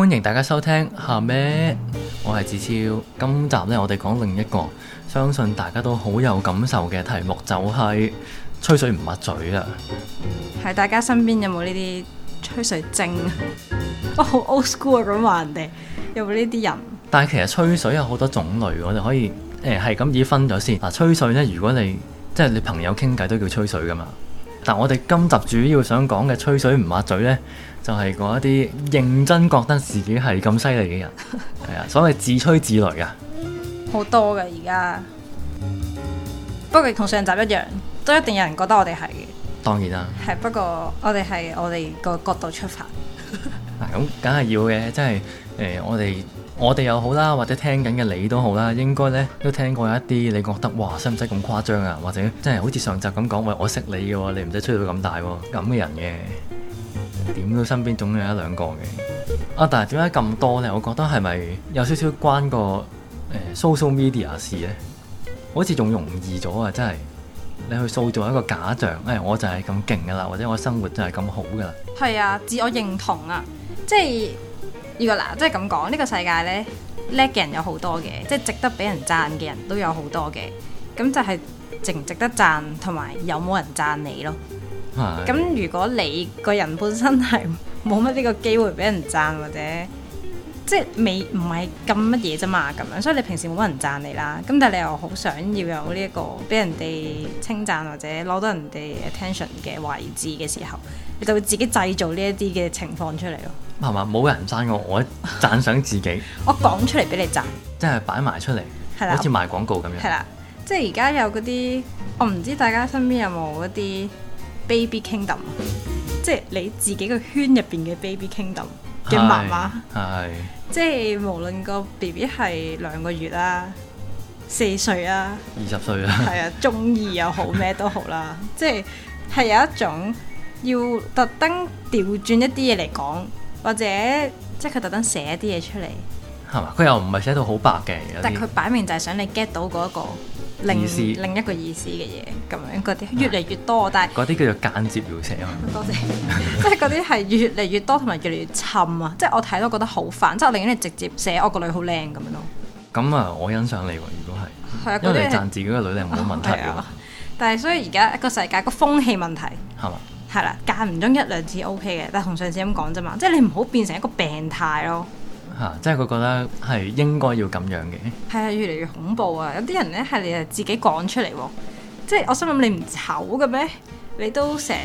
歡迎大家收聽下咩？啊、我係子超，今集呢，我哋講另一個，相信大家都好有感受嘅題目就係、是、吹水唔抹嘴啦。喺大家身邊有冇呢啲吹水精啊？ 好，old school 啊，咁話人哋有冇呢啲人？但係其實吹水有好多種類，我哋可以誒係咁意分咗先。嗱，吹水呢，如果你即係你朋友傾偈都叫吹水噶嘛？但我哋今集主要想講嘅吹水唔抹嘴呢，就係嗰一啲認真覺得自己係咁犀利嘅人，係啊， 所謂自吹自擂噶，好多噶而家。不過同上集一樣，都一定有人覺得我哋係嘅。當然啦。係，不過我哋係我哋個角度出發。咁梗係要嘅，即係誒，我哋。我哋又好啦，或者聽緊嘅你都好啦，應該咧都聽過一啲你覺得哇，使唔使咁誇張啊？或者真係好似上集咁講，喂，我識你嘅，你唔使吹到咁大咁、啊、嘅人嘅，點都身邊總有一兩個嘅。啊，但係點解咁多咧？我覺得係咪有少少關個 social media 事咧？好似仲容易咗啊！真係，你去塑造一個假象，誒、哎，我就係咁勁噶啦，或者我生活就係咁好噶啦。係啊，自我認同啊，即係。如果嗱，即係咁講，呢個世界咧叻嘅人有好多嘅，即係值得俾人讚嘅人都有好多嘅，咁就係值唔值得讚，同埋有冇人讚你咯。咁 如果你個人本身係冇乜呢個機會俾人讚或者即係未唔係咁乜嘢啫嘛，咁樣所以你平時冇乜人讚你啦。咁但係你又好想要有呢一個俾人哋稱讚或者攞到人哋 attention 嘅位置嘅時候，你就會自己製造呢一啲嘅情況出嚟咯。係嘛？冇人讚我，我一讚賞自己。 我講出嚟俾你讚，即係擺埋出嚟，係啦的，好似賣廣告咁樣。係啦，即係而家有嗰啲，我唔知大家身邊有冇嗰啲 Baby Kingdom，即係你自己個圈入邊嘅 Baby Kingdom 嘅媽媽。係，即係無論個 BB 係兩個月啦、四歲啦、二十歲啦，係啊，鍾意又好咩都好啦， 即係係有一種要特登調轉一啲嘢嚟講。或者即係佢特登寫啲嘢出嚟，係嘛？佢又唔係寫到好白嘅，但係佢擺明就係想你 get 到嗰個另一個意思嘅嘢，咁樣嗰啲越嚟越多，但係嗰啲叫做間接描寫。啊多謝，即係嗰啲係越嚟越多同埋越嚟越沉啊！即係我睇到覺得好煩，即係我寧願你直接寫我個女好靚咁樣咯。咁啊，我欣賞你喎，如果係，因為你讚自己個女靚冇問題㗎。但係所以而家一個世界個風氣問題係嘛？係啦，間唔中一兩次 O K 嘅，但係同上次咁講啫嘛，即係你唔好變成一個病態咯。嚇、啊，即係佢覺得係應該要咁樣嘅。係啊，越嚟越恐怖啊！有啲人咧係你係自己講出嚟喎，即係我心諗你唔醜嘅咩？你都成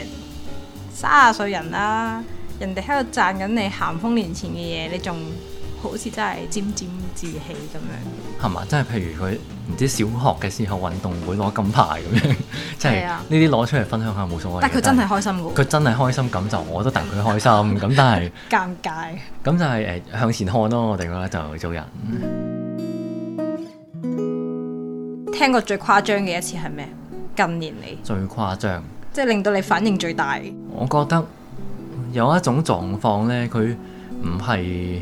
三十歲人啦、啊，人哋喺度讚緊你咸豐年前嘅嘢，你仲～好似真係沾沾自喜咁樣，係嘛？真係譬如佢唔知小學嘅時候運動會攞金牌咁樣， 即係呢啲攞出嚟分享下冇所謂。但佢真係開心噶，佢真係開心咁就我都戥佢開心咁，但係尷尬咁就係誒向前看咯。我哋覺得就做人聽過最誇張嘅一次係咩？近年嚟最誇張，即係令到你反應最大。我覺得有一種狀況呢，佢唔係。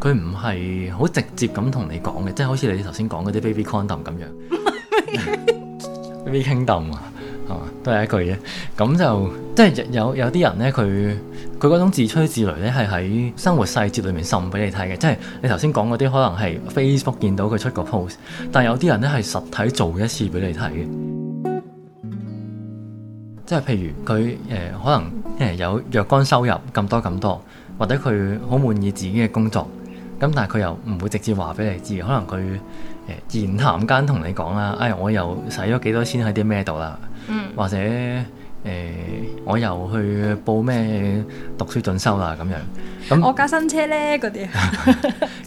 佢唔係好直接咁同你講嘅，即係好似你頭先講嗰啲 baby condom 咁樣 ，baby kingdom 啊，係嘛？都係一句嘢。咁就即係有有啲人咧，佢佢嗰種自吹自擂咧，係喺生活細節裏面滲俾你睇嘅。即係你頭先講嗰啲，可能係 Facebook 見到佢出個 post，但有啲人咧係實體做一次俾你睇嘅。即係譬如佢誒、呃、可能誒、呃、有若干收入咁多咁多，或者佢好滿意自己嘅工作。咁但係佢又唔會直接話俾你知，可能佢誒言談間同你講啦，嗯、哎，我又使咗幾多錢喺啲咩度啦，嗯、或者誒、呃、我又去報咩讀書進修啦咁樣。咁我架新車咧嗰啲，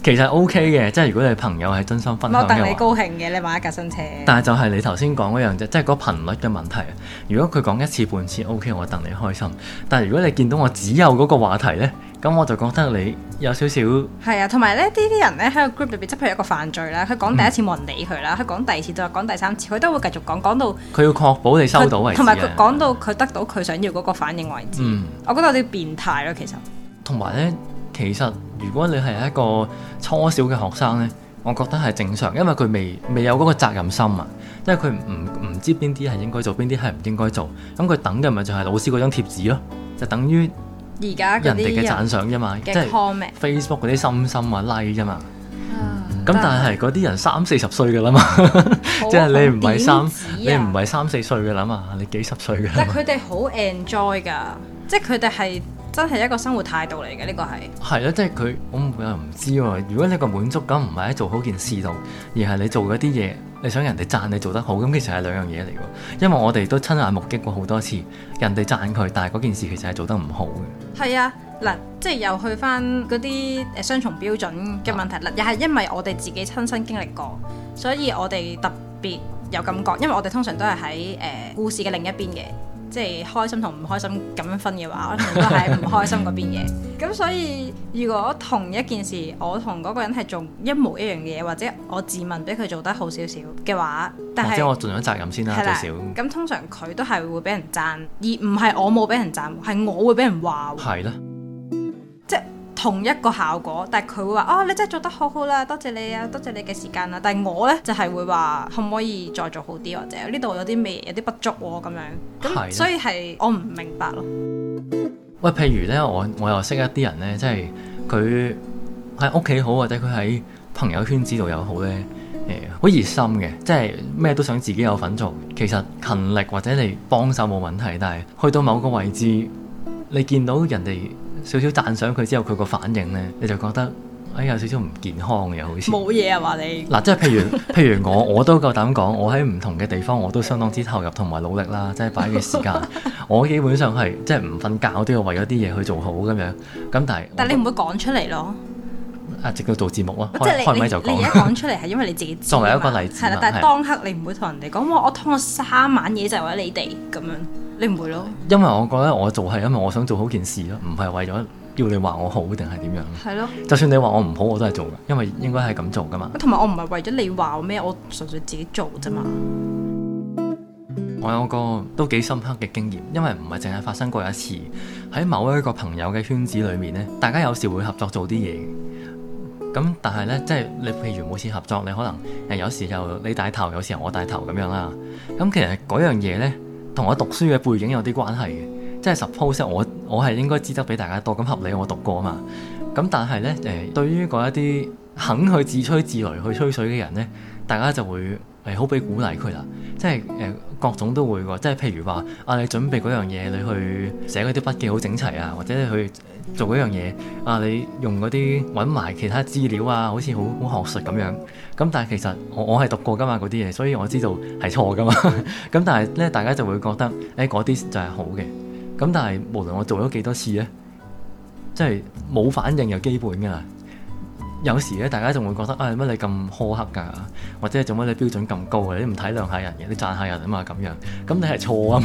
其實 OK 嘅，即係如果你朋友係真心分享，我戥你高興嘅，你買一架新車。但係就係你頭先講嗰樣啫，即係嗰頻率嘅問題。如果佢講一次半次 OK，我戥你開心。但係如果你見到我只有嗰個話題咧，咁我就覺得你有少少係啊，同埋咧，呢啲人咧喺個 group 入邊，即係譬如一個犯罪啦，佢講第一次冇人理佢啦，佢講、嗯、第二次，再講第三次，佢都會繼續講，講到佢要確保你收到為止。同埋佢講到佢得到佢想要嗰個反應為止。嗯、我覺得有啲變態咯，其實。同埋咧，其實如果你係一個初小嘅學生咧，我覺得係正常，因為佢未未有嗰個責任心啊，因為佢唔唔知邊啲係應該做，邊啲係唔應該做。咁佢等嘅咪就係老師嗰張貼紙咯，就等於。而家人哋嘅讚賞啫嘛的 comment，Facebook 嗰啲心心啊 like 啫嘛，咁、like 嗯嗯、但係嗰啲人三四十歲噶啦嘛，好 即係你唔係三子、啊、你唔係三四歲噶啦嘛，你幾十歲噶。但佢哋好 enjoy 噶，即係佢哋係真係一個生活態度嚟嘅，呢、這個係。係啦，即係佢，我唔會又唔知喎。如果你個滿足感唔係喺做好件事度，而係你做一啲嘢。你想人哋讚你做得好咁，其實係兩樣嘢嚟喎。因為我哋都親眼目擊過好多次，人哋讚佢，但係嗰件事其實係做得唔好嘅。係啊，嗱，即係又去翻嗰啲誒雙重標準嘅問題，嗱、啊，又係因為我哋自己親身經歷過，所以我哋特別有感覺，因為我哋通常都係喺誒故事嘅另一邊嘅。即係開心同唔開心咁樣分嘅話，我都係唔開心嗰邊嘅。咁 所以如果同一件事，我同嗰個人係做一模一樣嘅嘢，或者我自問比佢做得好少少嘅話，但係、哦、即係我盡咗責任先啦，最少。咁通常佢都係會俾人讚，而唔係我冇俾人讚，係我會俾人話。係啦的，即同一個效果，但係佢會話：哦，你真係做得好好啦，多謝你啊，多謝你嘅時間啦。但係我呢，就係會話，可唔可以再做好啲，或者呢度有啲咩有啲不足喎咁樣。咁所以係我唔明白咯。喂，譬如呢，我我又識一啲人呢，即係佢喺屋企好，或者佢喺朋友圈子度又好呢，誒，好熱心嘅，即係咩都想自己有份做。其實勤力或者你幫手冇問題，但係去到某個位置，你見到人哋。少少讚賞佢之後，佢個反應咧，你就覺得哎呀少少唔健康嘅，好似冇嘢啊嘛你嗱，即係譬如譬如我我都夠膽講， 我喺唔同嘅地方我都相當之投入同埋努力啦，即係擺嘅時間， 我基本上係即係唔瞓覺都要為咗啲嘢去做好咁樣。咁但係但係你唔會講出嚟咯，啊直到做節目咯，即係開咪，咪就講，而家講出嚟，係因為你自己作為一個例子係啦，但係當刻你唔會同人哋講，我我通咗三晚嘢就係為咗你哋咁樣。你唔會咯？因為我覺得我做係因為我想做好件事咯，唔係為咗要你話我好定係點樣。係咯的，就算你話我唔好，我都係做㗎，因為應該係咁做噶嘛。同埋我唔係為咗你話我咩，我純粹自己做啫嘛。我有個都幾深刻嘅經驗，因為唔係淨係發生過一次。喺某一個朋友嘅圈子裏面呢，大家有時會合作做啲嘢。咁但係呢，即係你譬如每次合作，你可能有時候你帶頭，有時候我帶頭咁樣啦。咁其實嗰樣嘢呢，同我讀書嘅背景有啲關係嘅，即係 suppose 我我係應該知得比大家多，咁合理我讀過啊嘛，咁但係咧誒，對於嗰一啲肯去自吹自擂、去吹水嘅人咧，大家就會係好俾鼓勵佢啦，即係誒、呃、各種都會喎，即係譬如話啊，你準備嗰樣嘢，你去寫嗰啲筆記好整齊啊，或者你去做一樣嘢啊！你用嗰啲搵埋其他資料啊，好似好好學術咁樣。咁但係其實我我係讀過噶嘛嗰啲嘢，所以我知道係錯噶嘛。咁但係咧，大家就會覺得誒嗰啲就係好嘅。咁但係無論我做咗幾多次咧，即係冇反應又基本噶啦。有時咧，大家仲會覺得啊乜，哎，你咁苛刻噶，啊，或者做乜你標準咁高，你唔體諒下人嘅，你讚下人啊嘛咁樣。咁你係錯啊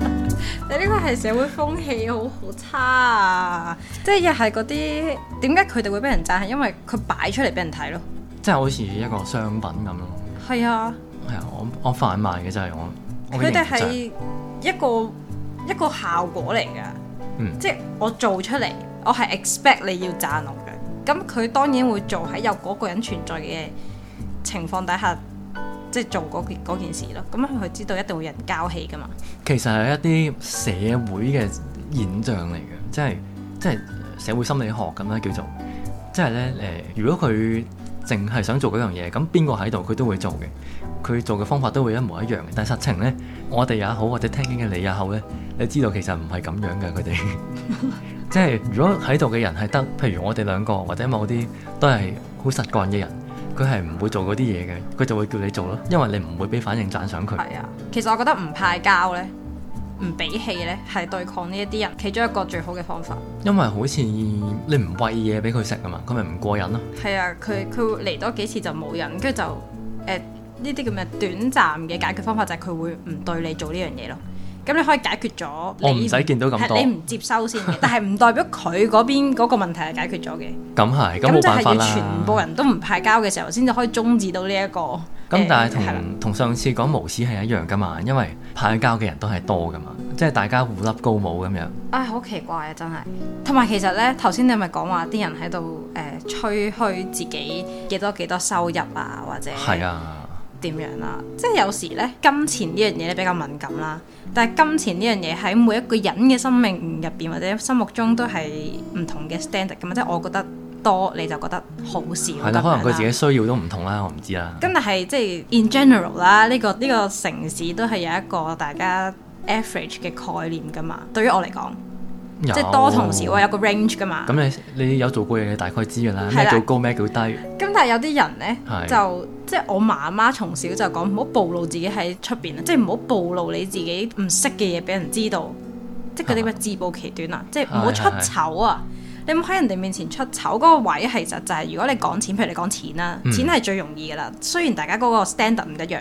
嘛。 你呢個係社會風氣好好差啊！即係又係嗰啲，點解佢哋會俾人讚？係因為佢擺出嚟俾人睇咯，即係好似一個商品咁咯。係啊，係啊、哎，我我販賣嘅就係我，佢哋係一個一個效果嚟㗎，嗯、即係我做出嚟，我係 expect 你要讚我嘅，咁佢當然會做喺有嗰個人存在嘅情況底下。即係做嗰件事咯，咁佢知道一定會有人交起㗎嘛。其實係一啲社會嘅現象嚟嘅，即係即係社會心理學咁樣叫做，即係咧誒，如果佢淨係想做嗰樣嘢，咁邊個喺度佢都會做嘅，佢做嘅方法都會一模一樣。但係實情咧，我哋也好或者聽緊嘅你也好咧，你知道其實唔係咁樣嘅佢哋。 即係如果喺度嘅人係得，譬如我哋兩個或者某啲都係好實幹嘅人。佢係唔會做嗰啲嘢嘅，佢就會叫你做咯，因為你唔會俾反應讚賞佢。係啊，其實我覺得唔派膠咧，唔俾氣咧，係對抗呢一啲人其中一個最好嘅方法。因為好似你唔餵嘢俾佢食啊嘛，佢咪唔過癮咯。係啊，佢佢嚟多幾次就冇癮，跟住就誒呢啲咁嘅短暫嘅解決方法就係佢會唔對你做呢樣嘢咯。咁你可以解決咗，我唔使見到咁多，你唔接收先，但係唔代表佢嗰邊嗰個問題係解決咗嘅。咁係， 咁冇辦法啦。咁就係要全部人都唔派交嘅時候，先至可以終止到呢、這、一個。咁但係同同上次講無私係一樣噶嘛，因為派交嘅人都係多噶嘛，即係大家互笠高帽咁樣。唉、哎，好奇怪啊，真係。同埋其實咧，頭先你咪講話啲人喺度誒吹噓自己幾多幾多少收入啊，或者係啊。點樣啦？即係有時咧，金錢呢樣嘢咧比較敏感啦。但係金錢呢樣嘢喺每一個人嘅生命入邊或者心目中都係唔同嘅 standard 㗎嘛。即係我覺得多你就覺得好少，係啦。可能佢自己需要都唔同啦，我唔知啦。咁但係即係 in general 啦、這個，呢個呢個城市都係有一個大家 average 嘅概念㗎嘛。對於我嚟講。即係多同少有我有個 range 噶嘛。咁你你有做過嘢，你大概知噶啦。咩叫的高，咩叫低。咁但係有啲人咧，是的 就即係我媽媽從小就講，唔好暴露自己喺出邊啊！即係唔好暴露你自己唔識嘅嘢俾人知道。啊、即係嗰啲乜自暴其短啊！即係唔好出醜啊！你唔好喺人哋面前出醜，嗰、嗰個位其實就係如果你講錢，譬如你講錢啦，嗯、錢係最容易噶啦。雖然大家嗰個 standard 唔一樣。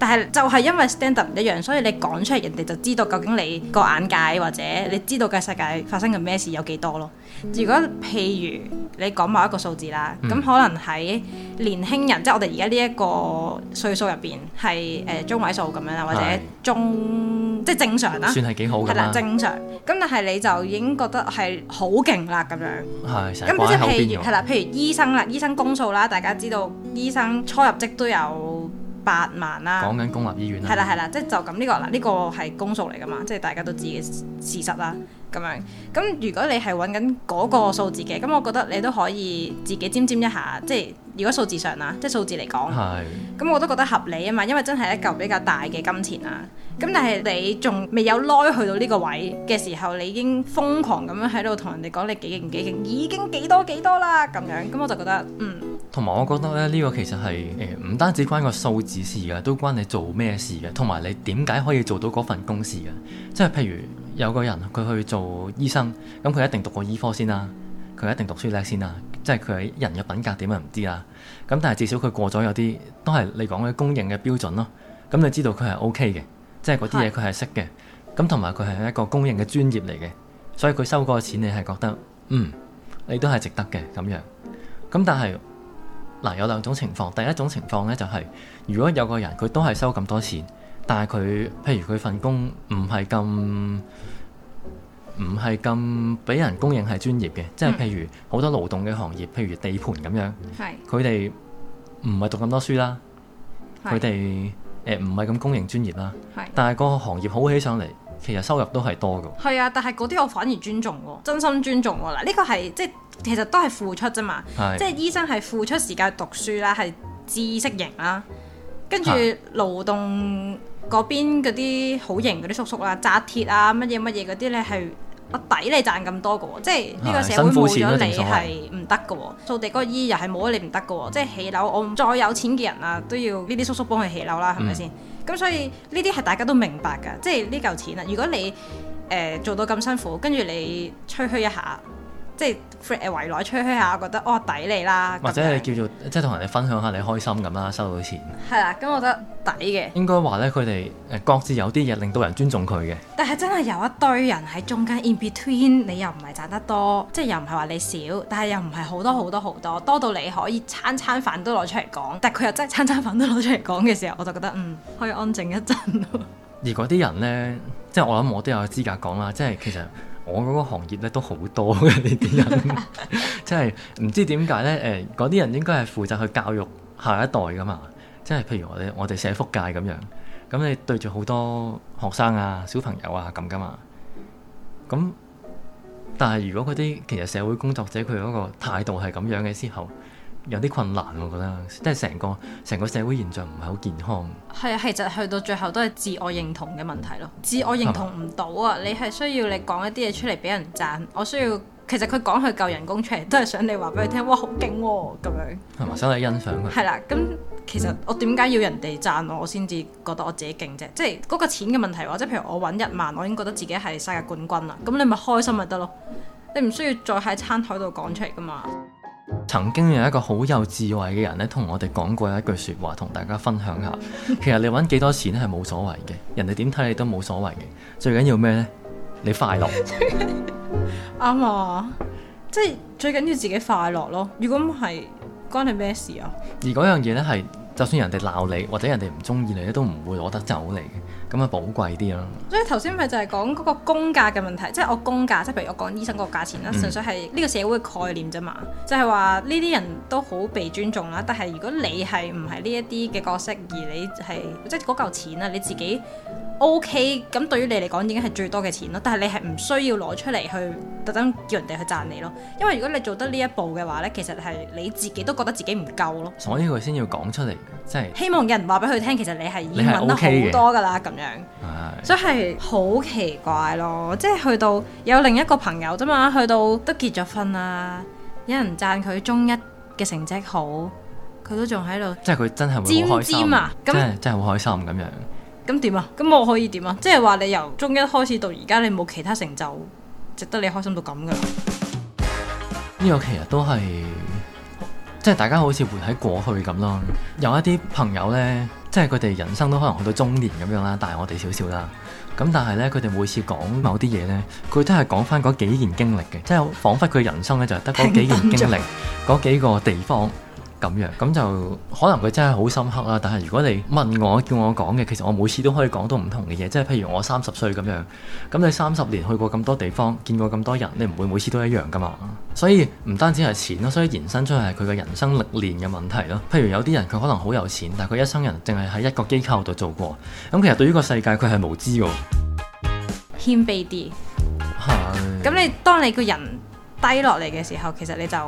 但係就係因為 standard 唔一樣，所以你講出嚟人哋，就知道究竟你個眼界，或者你知道嘅世界發生緊咩事有幾多咯。如果譬如你講某一個數字啦，咁、嗯、可能喺年輕人，即係我哋而家呢一個歲數入邊係誒中位數咁樣啦，或者中即係正常啦，啊，算係幾好嘅係啦，正常。咁但係你就已經覺得係好勁啦咁樣係。咁、哎、譬如係啦，譬如醫生啦，醫生公數啦，大家知道醫生初入職都有。八萬啦，講緊公立醫院啦，係啦係啦，即係就咁、是、呢、呢個嗱，呢、呢個係公數嚟噶嘛，即係大家都知嘅事實啦，咁樣，咁如果你係揾緊嗰個數字嘅，咁我覺得你都可以自己尖尖一下，即係如果數字上啊，即係數字嚟講，咁的我都覺得合理啊嘛，因為真係一嚿比較大嘅金錢啊，咁但係你仲未有耐去到呢個位嘅時候，你已經瘋狂咁樣喺度同人哋講你幾勁幾勁，已經幾多幾多啦咁樣，咁我就覺得嗯。同埋，我覺得咧，呢個其實係誒唔單止關個數字事嘅，都關你做咩事嘅，同埋你點解可以做到嗰份公事嘅。即係譬如有個人佢去做醫生，咁佢一定讀過醫科先啦，佢一定讀書叻先啦。即係佢人嘅品格點啊唔知啊。咁但係至少佢過咗有啲都係你講嘅公認嘅標準咯。咁你知道佢係 OK 嘅，即係嗰啲嘢佢係識嘅。咁同埋佢係一個公認嘅專業嚟嘅，所以佢收嗰個錢你、嗯，你係覺得嗯你都係值得嘅咁樣。咁但係。嗱，有兩種情況。第一種情況咧、就係，就係如果有個人佢都係收咁多錢，但係佢譬如佢份工唔係咁唔係咁俾人公認係專業嘅，即係譬如好多勞動嘅行業，嗯、譬如地盤咁樣，佢哋唔係讀咁多書啦，佢哋誒唔係咁公認專業啦。係但係個行業好起上嚟，其實收入都係多㗎。係啊，但係嗰啲我反而尊重喎，真心尊重喎。嗱、呢個，呢個係即係。其實都係付出啫嘛，是即係醫生係付出時間讀書啦，係知識型啦，跟住勞動嗰邊啲好型嗰啲叔叔啦，紮鐵啊，乜嘢乜嘢嗰啲咧，係我抵你賺咁多嘅，即係呢個社會冇咗你係唔得嘅，掃地嗰個姨又係冇咗你唔得嘅，即係起樓，我再有錢嘅人啊都要呢啲叔叔幫佢起樓啦，係咪先？咁所以呢啲係大家都明白嘅，即係呢嚿錢啊！如果你誒、呃、做到咁辛苦，跟住你吹噓一下。即係圍內吹噓下，我覺得哦抵你啦，或者你叫做即係同人哋分享下你開心咁啦，收到錢係啦，咁我覺得抵嘅。應該話咧，佢哋誒各自有啲嘢令到人尊重佢嘅。但係真係有一堆人喺中間，in between，你又唔係賺得多，即係又唔係話你少，但係又唔係好多好多好多多到你可以餐餐飯都攞出嚟講，但係佢又真係餐餐飯都攞出嚟講嘅時候，我就覺得嗯可以安靜一陣咯。而嗰啲人咧，即係我諗我都有資格講啦，即係其實。我嗰個行業咧都好多嘅呢啲人，即係唔知點解咧，誒，嗰啲人應該係負責去教育下一代噶嘛，即係譬如我哋我哋社福界咁樣，咁你對住好多學生啊、小朋友啊咁噶嘛。咁，但係如果嗰啲其實社會工作者佢嗰個態度係咁樣嘅時候，有啲困難，我覺得即係成個成個社會現象唔係好健康。係啊，其實去到最後都係自我認同嘅問題咯。自我認同唔到啊，嗎你係需要你講一啲嘢出嚟俾人贊。我需要其實佢講佢夠人工出嚟，都係想你話俾佢聽，哇，好勁喎咁樣。係咪想你欣賞佢？係啦，咁其實我點解要人哋贊我，我先至覺得我自己勁啫？即係嗰個錢嘅問題或者譬如我揾一萬，我已經覺得自己係世界冠軍啦。咁你咪開心咪得咯？你唔需要再喺餐台度講出嚟噶嘛？曾經有一個好有智慧嘅人咧，同我哋講過一句説話，同大家分享下。其實你揾幾多錢係冇所謂嘅， 人哋點睇你都冇所謂嘅。最緊要咩呢？你快樂。啱 啊，即係最緊要自己快樂咯。如果唔係，關你咩事啊？而嗰樣嘢咧，係就算人哋鬧你，或者人哋唔中意你咧，都唔會攞得走你。咁啊，寶貴啲咯。所以頭先咪就係講嗰個工價嘅問題，即係我工價，即係譬如我講醫生嗰個價錢啦，純粹係呢個社會概念啫嘛。就係話呢啲人都好被尊重啦，但係如果你係唔係呢一啲嘅角色，而你係即係嗰嚿錢啊，你自己。O K，咁對於你嚟講，已經係最多嘅錢咯。但係你係唔需要攞出嚟去特登叫人哋去讚你咯，因為如果你做得呢一步嘅話咧，其實係你自己都覺得自己唔夠咯。所以佢先要講出嚟，即係希望有人話俾佢聽，其實你係已經搵得好多噶啦，咁樣。係，所以係好奇怪咯，即係去到有另一個朋友啫嘛，去到都結咗婚啦，有人讚佢中一嘅成績好，佢都仲喺度，即係佢真係好開心，真係真係好開心咁樣。咁點啊？咁我可以點啊？即係話你由中一開始到而家，你冇其他成就值得你開心到咁噶啦。呢個其實都係即係大家好似活喺過去咁咯。有一啲朋友呢，即係佢哋人生都可能去到中年咁樣啦，大我哋少少啦。咁但係呢，佢哋每次講某啲嘢呢，佢都係講翻嗰幾件經歷嘅，即係彷彿佢人生呢，就係得嗰幾件經歷，嗰幾個地方。咁樣咁就可能佢真係好深刻啦。但係如果你問我叫我講嘅，其實我每次都可以講到唔同嘅嘢。即係譬如我三十歲咁樣，咁你三十年去過咁多地方，見過咁多人，你唔會每次都一樣㗎嘛。所以唔單止係錢咯，所以延伸出去係佢嘅人生歷練嘅問題咯。譬如有啲人佢可能好有錢，但係佢一生人淨係喺一個機構度做過，咁其實對於個世界佢係無知㗎。謙卑啲，係。咁你當你個人低落嚟嘅時候，其實你就。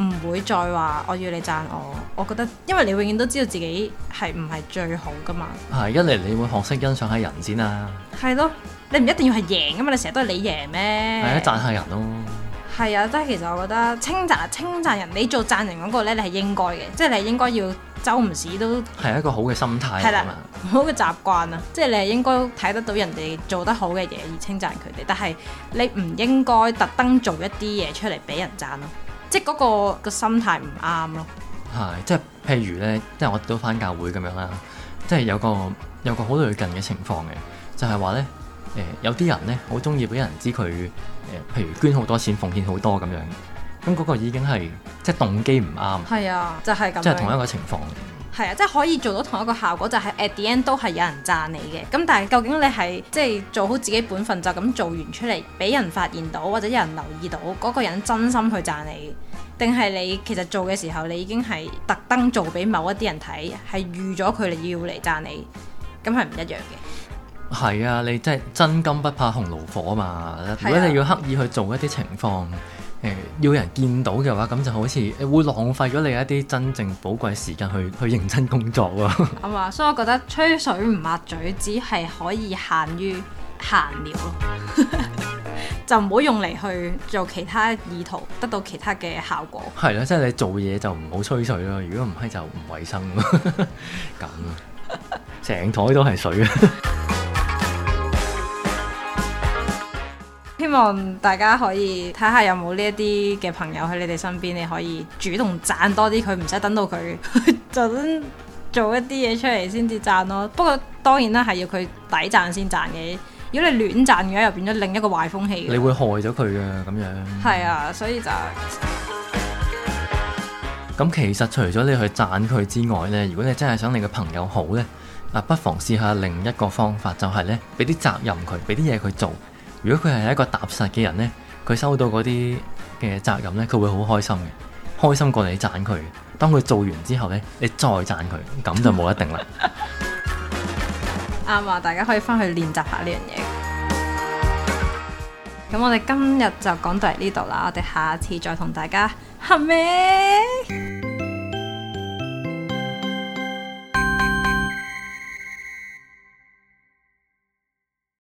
唔會再話我要你讚我，我覺得，因為你永遠都知道自己係唔係最好噶嘛。係，一嚟你會學識欣賞下人先啦啊。係咯，你唔一定要係贏噶嘛，你成日都係你贏咩？係啊，讚下人咯。係啊，即係其實我覺得稱讚稱讚人，你做讚人嗰個咧，你係應該嘅，即係你係應該要周唔時都係一個好嘅心態，係啦，好嘅習慣啊。即係你係應該睇得到人哋做得好嘅嘢而稱讚佢哋，但係你唔應該特登做一啲嘢出嚟俾人讚咯。即係、嗰、嗰個、嗰個心態唔啱咯。係，即係譬如咧，即係我哋都返教會咁樣啦。即係有個有個好類近嘅情況嘅，就係話咧，誒有啲人咧好中意俾人知佢誒，譬如捐好多錢、奉獻好多咁樣。咁嗰個已經係即係動機唔啱。係啊，就係咁。即係同一個情況。係啊，即係可以做到同一個效果，就係 at the end 都係有人讚你嘅。咁但係究竟你係即係做好自己本分就咁做完出嚟，俾人發現到或者有人留意到嗰個人真心去讚你，定係你其實做嘅時候你已經係特登做俾某一啲人睇，係預咗佢哋要嚟讚你，咁係唔一樣嘅。係啊，你真係真金不怕紅爐火嘛，如果你要刻意去做一啲情況。誒，要人見到嘅話，咁就好似會浪費咗你一啲真正寶貴時間去去認真工作咯。啊嘛、 嗯，所以我覺得吹水唔抹嘴，只係可以限於閒聊咯， 就唔好用嚟去做其他意圖得到其他嘅效果。係啦，即、就、係、是、你做嘢就唔好吹水咯。如果唔閪唔係就唔衞生咁，成 台樣 都係水啊！ 希望大家可以睇下有冇呢一啲嘅朋友喺你哋身邊，你可以主動讚多啲佢，唔使等到佢做 做一啲嘢出嚟先至讚咯。不過當然啦，係要佢抵讚先讚嘅。如果你亂讚嘅話，又變咗另一個壞風氣。你會害咗佢嘅咁樣。係啊，所以就咁。其實除咗你去讚佢之外呢，如果你真係想你嘅朋友好呢，啊，不妨試下另一個方法，就係呢：俾啲責任佢，俾啲嘢佢做。如果佢係一個踏實嘅人呢，佢收到嗰啲嘅責任呢，佢會好開心嘅，開心過嚟讚佢。當佢做完之後呢，你再讚佢，咁就冇一定啦。啱啊，大家可以翻去練習下呢樣嘢。咁我哋今日就講到嚟呢度啦，我哋下次再同大家合咩？